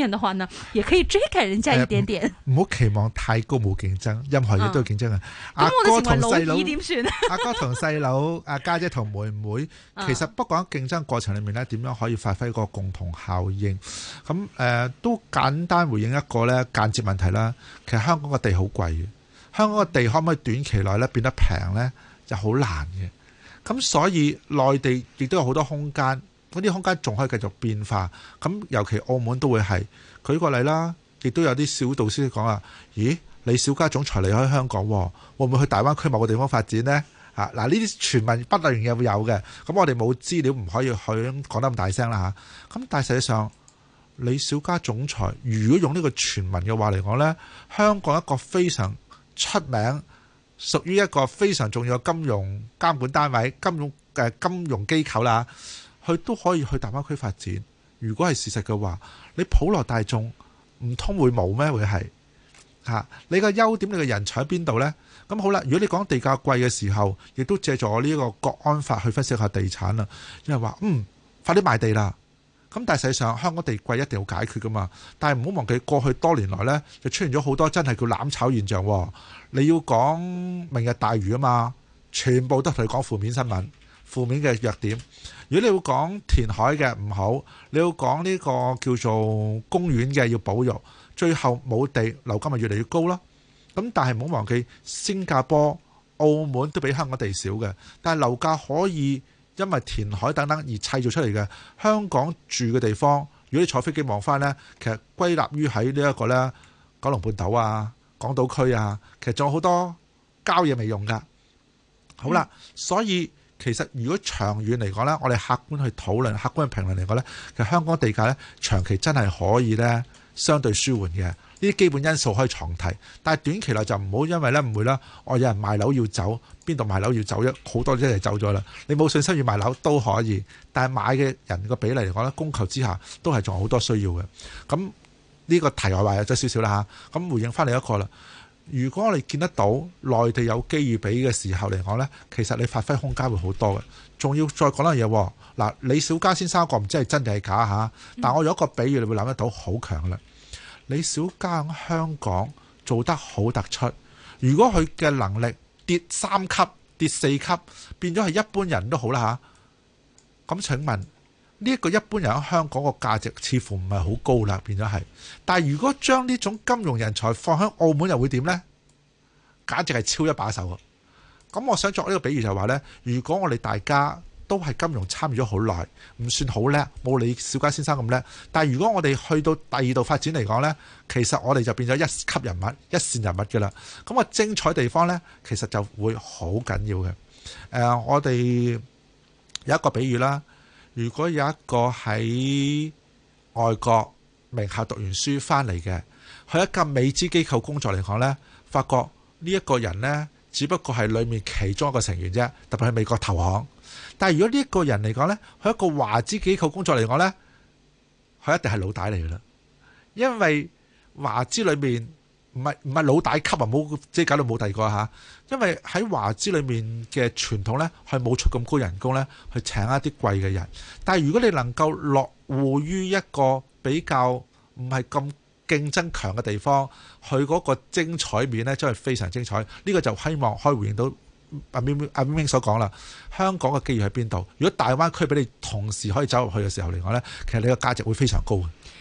嘅話呢，也可以追趕人家一點點。唔、呃、好期望太高，冇競爭，任何嘢都有競爭、嗯、啊！阿哥同細佬點算？阿、嗯、哥同細佬，阿、啊、家姐同妹妹、嗯，其實不過喺競爭過程裏面咧，點樣可以發揮個共同效應？咁、嗯、誒、嗯，都簡單回應一個咧間接問題啦。其實香港嘅地好貴嘅，香港嘅地可唔可以短期內咧變得平咧，就好難嘅。咁、嗯嗯、所以內地亦都有好多空間。嗰啲空間仲可以繼續變化，咁尤其澳門都會係。舉個例啦，亦都有啲小導師講啊：咦，李小加總裁離開香港，會唔會去大灣區某個地方發展呢？嗱、嚇，呢啲傳聞不確定嘅會有嘅。咁我哋冇資料，唔可以去講得咁大聲啦，咁、嚇、但係實際上，李小加總裁如果用呢個傳聞嘅話嚟講呢，香港一個非常出名，屬於一個非常重要嘅金融監管單位、金融嘅金融機構啦。佢都可以去大灣區發展，如果係事實嘅話，你普羅大眾唔通會冇咩？會係吓你嘅優點，你嘅人才喺邊度呢？咁好啦，如果你講地價貴嘅時候，亦都借助我呢個國安法去分析下地產啦。因為話嗯快啲賣地啦，咁但係實際上香港地貴一定要解決噶嘛。但係唔好忘記過去多年來呢，就出現咗好多真係叫攬炒現象。你要講明日大嶼啊嘛，全部都同你講負面新聞。負面嘅弱點，如果你要講填海嘅唔好，你要講呢個叫做公園嘅要保育，最後冇地樓價咪越嚟越高咯。咁但係唔好忘記，新加坡、澳門都比香港的地少嘅，但係樓價可以因為填海等等而砌造出嚟嘅。香港住嘅地方，如果你坐飛機望翻呢，其實歸納於喺呢一個咧，九龍半島啊、港島區啊，其實仲有好多郊野未用噶。好啦，嗯、所以。其實，如果長遠嚟講呢，我哋客觀去討論、客觀嘅評論嚟講呢，其實香港地價呢，長期真係可以呢，相對舒緩嘅。呢啲基本因素可以長提，但係短期內就唔好因為呢唔會啦。我有人賣樓要走，邊度賣樓要走？人一好多都一齊走咗啦。你冇信心要賣樓都可以，但係買嘅人個比例嚟講呢，供求之下都係仲有好多需要嘅。咁、這、呢個題外話有咗少少啦嚇。咁回應翻你一個啦。如果我哋見得到內地有機遇比嘅時候嚟講呢，其實你發揮空間會好多嘅。仲要再講一樣嘢，嗱李小加先生個唔知係真定係假嚇，但我有一個比喻你會諗得到好強嘅。李小加喺香港做得好突出，如果佢嘅能力跌三級、跌四級，變咗係一般人都好啦嚇。咁請問？呢、這、一個一般人喺香港個價值似乎唔係好高啦，變咗係。但係如果將呢種金融人才放喺澳門，又會點呢？簡直係超一把手啊！咁我想作呢個比喻就係話呢：如果我哋大家都係金融參與咗好耐，唔算好叻，冇李小加先生咁叻。但係如果我哋去到第二度發展嚟講呢，其實我哋就變咗一級人物、一線人物嘅啦。咁啊，精彩地方呢，其實就會好緊要嘅、呃。我哋有一個比喻啦。如果有一個喺外國名校讀完書翻嚟嘅，去一家美資機構工作嚟講呢，發覺呢一個人呢，只不過係裡面其中一個成員啫。特別係美國投行，但係如果呢一個人嚟講呢，去一個華資機構工作嚟講呢，佢一定係老大嚟嘅啦，因為華資裏面。唔係唔係老大級啊！冇即係搞到冇第二個下，因為喺華資裏面嘅傳統呢，係冇出咁高人工呢去請一啲貴嘅人。但係如果你能夠落戶於一個比較唔係咁競爭強嘅地方，佢嗰個精彩面呢真係非常精彩。呢個就希望可以回應到阿明明阿明明所講啦。香港嘅機遇喺邊度？如果大灣區俾你同時可以走入去嘅時候嚟講呢，其實你個價值會非常高嘅。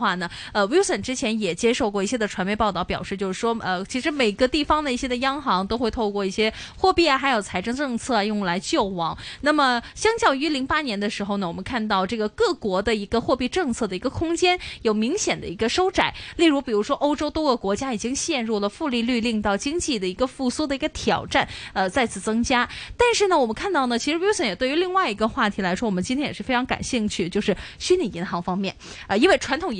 話呢？呃，Wilson 之前也接受過一些的傳媒報道，表示就是說，呃，其實每個地方的一些的央行都會透過一些貨幣啊，還有財政政策啊，用來救亡。那麼，相較於零八年的時候呢，我們看到這個各國的一個貨幣政策的一個空間有明顯的一個收窄。例如，比如說歐洲多個國家已經陷入了負利率，令到經濟的一個復蘇的一個挑戰呃再次增加。但是呢，我們看到呢，其實 Wilson 也對於另外一個話題來說，我們今天也是非常感興趣，就是虛擬銀行方面呃，因為傳統銀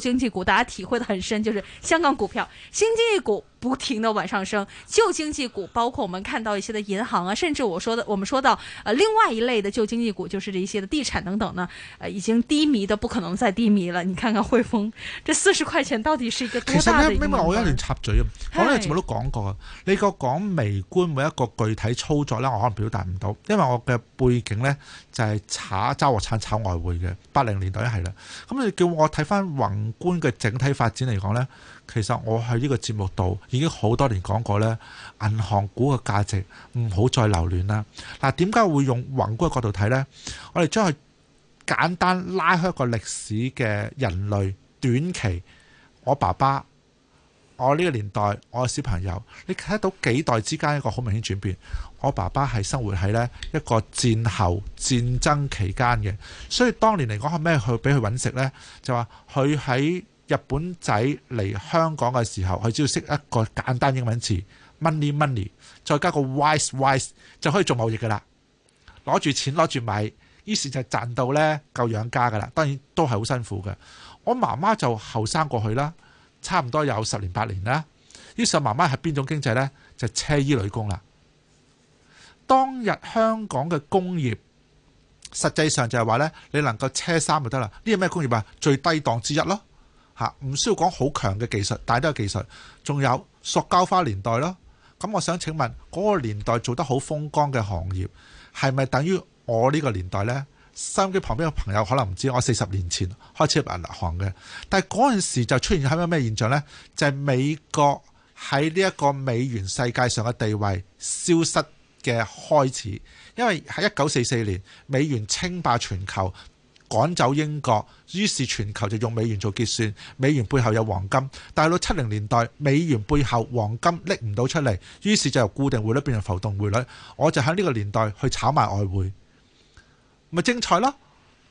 經濟股，大家體會得很深，就是香港股票、新經濟股不停的往上升，舊經濟股，包括我們看到一些的銀行啊，甚至我說的，我們說到呃另外一類的舊經濟股，就是這一些的地產等等呢，呃、已經低迷的，不可能再低迷了。你看看匯豐，這四十塊錢到底是一個多大的？其實，因為我有一年插嘴我呢個節目都講過你個講微觀每一個具體操作呢，我可能表達唔到，因為我嘅背景呢，就係炒揸貨產炒外匯嘅八零年代係啦。咁你叫我睇翻宏觀嘅整體發展嚟講呢。其實我喺呢個節目度已經好多年講過，呢銀行股嘅價值唔好再留戀啦。嗱，點解會用宏觀嘅角度睇呢？我哋將佢簡單拉開一個歷史嘅人類短期。我爸爸，我呢個年代，我嘅小朋友，你睇到幾代之間一個好明顯轉變。我爸爸係生活喺呢一個戰後戰爭期間嘅，所以當年嚟講係咩去俾佢揾食呢？就話佢喺，日本仔嚟香港嘅時候，佢只要識一個簡單英文詞 money money，再加個 wise wise 就可以做貿易噶啦。攞住錢，攞住米，於是就賺到呢，夠養家噶啦。當然都係好辛苦嘅。我媽媽就後生過去啦，差唔多有十年八年啦。於是媽媽係邊種經濟呢？就車衣女工啦。當日香港嘅工業實際上就係話呢，你能夠車衫就得啦。呢係咩工業啊？最低檔之一咯。唔需要講好強嘅技術，但係都有技術。仲有塑膠花年代咯。咁我想請問，嗰、那個年代做得好風光嘅行業，係咪等於我呢個年代呢？收音機旁邊嘅朋友可能唔知道，我四十年前開始入銀行嘅。但係嗰陣時就出現喺咩咩現象呢，就係、是、美國喺呢一個美元世界上嘅地位消失嘅開始。因為喺一九四四年，美元稱霸全球。趕走英國，於是全球就用美元做結算，美元背後有黃金。但係到七零年代，美元背後黃金拎唔到出嚟，於是就由固定匯率變成浮動匯率。我就喺呢個年代去炒賣外匯，咪精彩咯。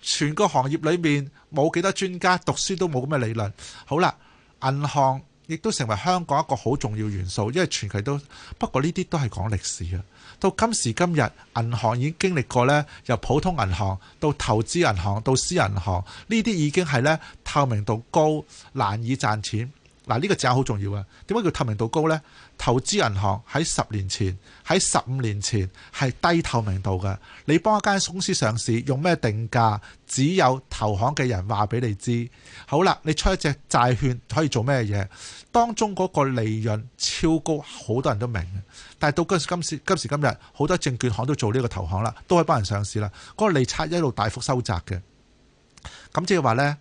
全個行業裏面冇幾多專家，讀書都冇咁嘅理論。好啦，銀行亦都成為香港一個好重要元素，因為全球都不過呢啲都係講歷史嘅到今時今日，銀行已經經歷過呢由普通銀行到投資銀行到私人銀行，呢啲已經係呢透明度高，難以賺錢。嗱，呢個字好重要啊！點解叫透明度高呢？投資銀行喺十年前，喺十五年前係低透明度嘅。你幫一間公司上市，用咩定價？只有投行嘅人話俾你知。好啦，你出一隻債券可以做咩嘢？當中嗰個利潤超高，好多人都明。但係到今時今日，好多證券行都做呢個投行啦，都可以幫人上市啦。嗰個利差一路大幅收窄嘅。咁即係話呢，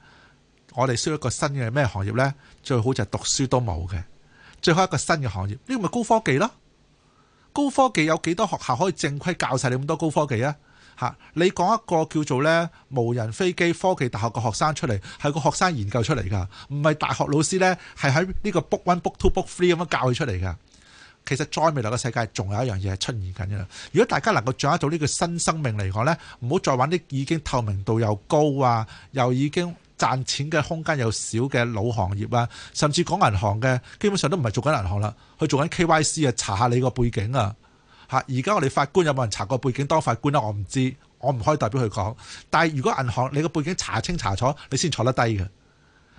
我哋需要一個新嘅咩行業呢？最好就係讀書都冇嘅。最好一個新嘅行業，呢個咪高科技咯。高科技有幾多學校可以正規教晒你咁多高科技啊？吓！你講一個叫做呢「無人飛機科技大學」嘅學生出嚟，係個學生研究出嚟㗎，唔係大學老師呢係喺呢個 book one book two book three 咁樣教佢出嚟㗎。其實再未來嘅世界，仲有一樣嘢係出現緊嘅。如果大家能夠掌握到呢個新生命嚟講呢，唔好再揾啲已經透明度又高啊，又已經賺錢嘅空間又少嘅老行業啊，甚至講銀行嘅，基本上都唔係做緊銀行啦，去做緊 KYC 啊，查下你個背景啊嚇。而家我哋法官有冇人查過背景當法官咧、啊？我唔知，我唔可以代表佢講。但係如果銀行你個背景查清查楚你才你，你先坐得低嘅。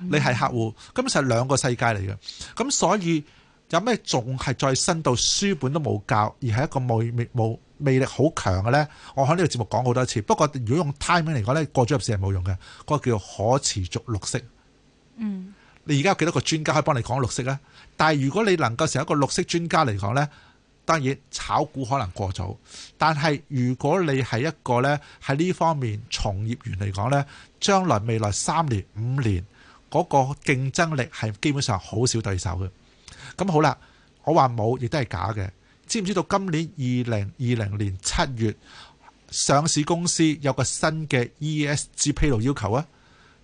你係客戶根本就係兩個世界嚟嘅。咁所以。有咩仲係再新到書本都冇教，而係一個魅力冇魅力好強嘅呢？我喺呢個節目講好多次。不過，如果用 timing 嚟講呢，過咗入市係冇用嘅。嗰、那個叫可持續綠色。嗯，你而家有幾多個專家可以幫你講綠色呢？但係如果你能夠成一個綠色專家嚟講呢，當然炒股可能過早。但係如果你係一個呢，喺呢方面從業員嚟講呢，將來未來三年五年嗰、那個競爭力係基本上好少對手嘅。咁好啦，我話冇亦都係假嘅，知唔知道今年二零二零年七月上市公司有個新嘅 ESG 披露要求啊？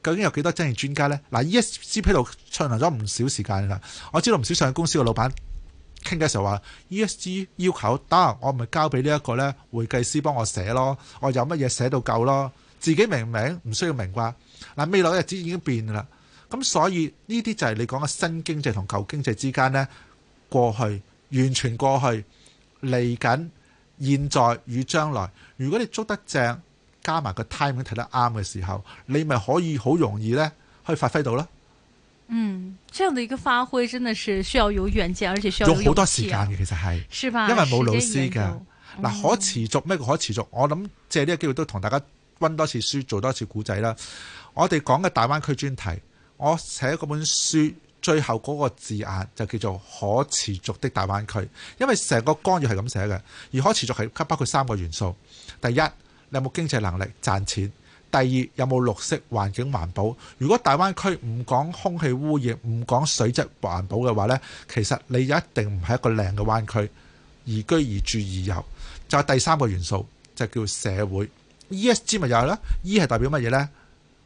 究竟有幾多真係專家呢？嗱，ESG 披露進行咗唔少時間啦，我知道唔少上市公司嘅老闆傾嘅時候話、啊、，ESG 要求得、啊，我咪交俾呢一個呢會計師幫我寫咯，我有乜嘢寫到夠咯，自己明唔明？唔需要明啩？嗱、啊，未來日子已經變啦。咁、嗯、所以呢啲就係你講嘅新經濟同舊經濟之間呢，過去完全過去嚟緊，現在與將來，如果你捉得正，加埋個 timing 睇得啱嘅時候，你咪可以好容易咧去發揮到咯。嗯，這樣的一個發揮真的是需要有遠見，而且需要有好多時間嘅，其實係，是吧？因為冇老師噶，嗱，可持續，咩叫可持續？嗯、我諗借呢個機會都同大家溫多次書，做多次古仔啦。我哋講嘅大灣區專題。我寫嗰本書最後嗰個字眼就叫做可持續的大灣區，因為成個綱要係咁寫嘅，而可持續係包括三個元素：第一，你有冇經濟能力賺錢；第二，有冇綠色環境環保。如果大灣區唔講空氣污染、唔講水質環保嘅話呢，其實你就一定唔係一個靚嘅灣區。宜居而住而遊，再第三個元素就叫社會 ESG E S G 咪又係啦，E 係代表乜嘢呢？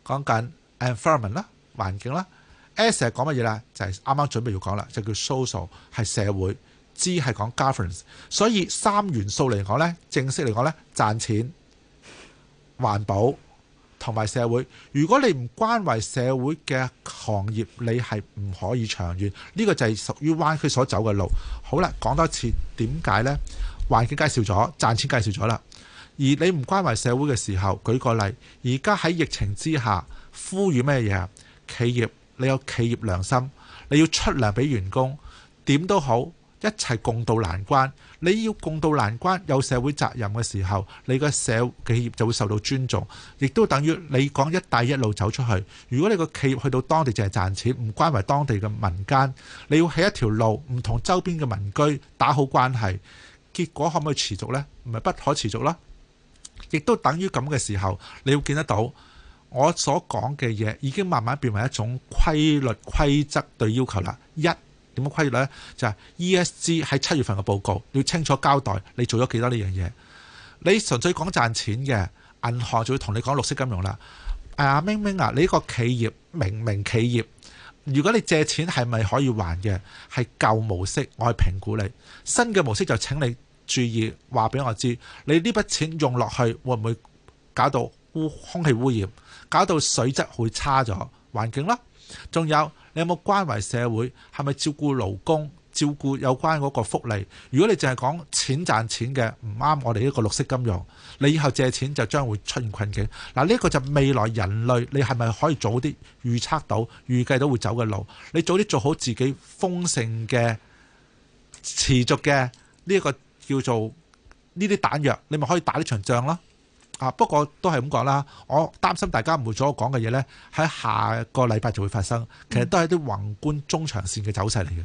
講緊 environment 啦。環境啦，S 係講乜嘢呢？就係啱啱準備要講啦，就叫 social 係社會，G 係講 governance。所以三元素嚟講呢，正式嚟講呢，賺錢、環保同埋社會。如果你唔關懷社會嘅行業，你係唔可以長遠。呢、這個就係屬於灣區所走嘅路。好啦，講多次點解呢？環境介紹咗，賺錢介紹咗啦。而你唔關懷社會嘅時候，舉個例，而家喺疫情之下呼籲咩嘢啊？企業，你有企業良心，你要出糧俾員工，點都好，一齊共度難關。你要共度難關，有社會責任嘅時候，你個社會企業就會受到尊重，亦都等於你講一帶一路走出去。如果你個企業去到當地淨係賺錢，唔關懷當地嘅民間，你要起一條路，唔同周邊嘅民居打好關係，結果可唔可以持續呢？唔係不可持續囉。亦都等於咁嘅時候，你要見得到。我所講嘅嘢已經慢慢變為一種規律規則對要求啦。一點乜規律呢？就係、是、ESG 喺七月份嘅報告要清楚交代你做咗幾多呢樣嘢。你純粹講賺錢嘅銀行就會同你講綠色金融啦。阿、啊、明明啊，你呢個企業明明企業，如果你借錢係咪可以還嘅？係舊模式，我去評估你新嘅模式就請你注意話俾我知，你呢筆錢用落去會唔會搞到污空氣污染？搞到水質會差咗，環境啦，仲有你有冇關懷社會，係咪照顧勞工，照顧有關嗰個福利？如果你淨係講錢賺錢嘅，唔啱我哋呢個綠色金融。你以後借錢就將會出現困境。嗱，呢個就未來人類，你係咪可以早啲預測到、預計到會走嘅路？你早啲做好自己豐盛嘅、持續嘅呢個叫做呢啲彈藥，你咪可以打呢場仗咯。啊！不過都係咁講啦，我擔心大家唔會阻我講嘅嘢呢，喺下個禮拜就會發生。其實都係一啲宏觀中長線嘅走勢嚟嘅。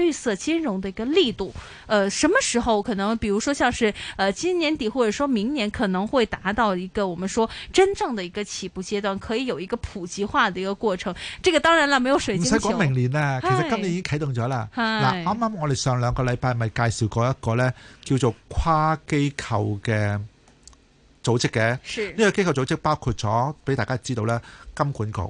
綠色金融的一個力度，呃，什麼時候可能，比如說像是呃，今年底或者說明年可能會達到一個我們說真正的一個起步階段，可以有一個普及化的一個過程。這個當然了，沒有水晶球。唔使講明年啊，其實今年已經啟動咗啦。嗱，啱啱我哋上兩個禮拜咪介紹過一個呢，叫做跨機構嘅組織嘅。呢、呢個機構組織包括咗，俾大家知道呢，金管局、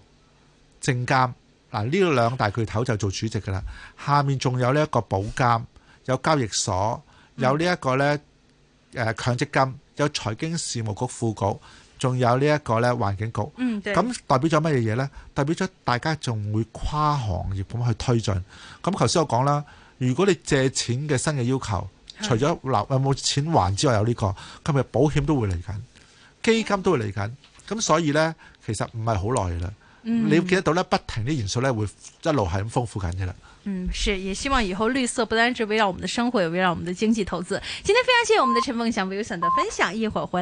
證監。嗱，呢度兩大巨頭就做主席噶啦，下面仲有呢一個保監，有交易所，有呢一個呢呃、強積金，有財經事務局副局，仲有呢一個呢環境局。咁、嗯、代表咗乜嘢嘢呢？代表咗大家仲會跨行業咁去推進。咁頭先我講啦，如果你借錢嘅新嘅要求，除咗有冇錢還之外，有呢、這個，今日保險都會嚟緊，基金都會嚟緊。咁所以呢，其實唔係好耐噶啦。嗯，你會見得到咧，不停啲元素咧會一路係咁豐富緊嘅啦。嗯，是，也希望以後綠色不單止圍繞我們的生活，也圍繞我們的經濟投資。今天非常謝謝我們的陳鳳翔 Wilson 的分享，一會兒回。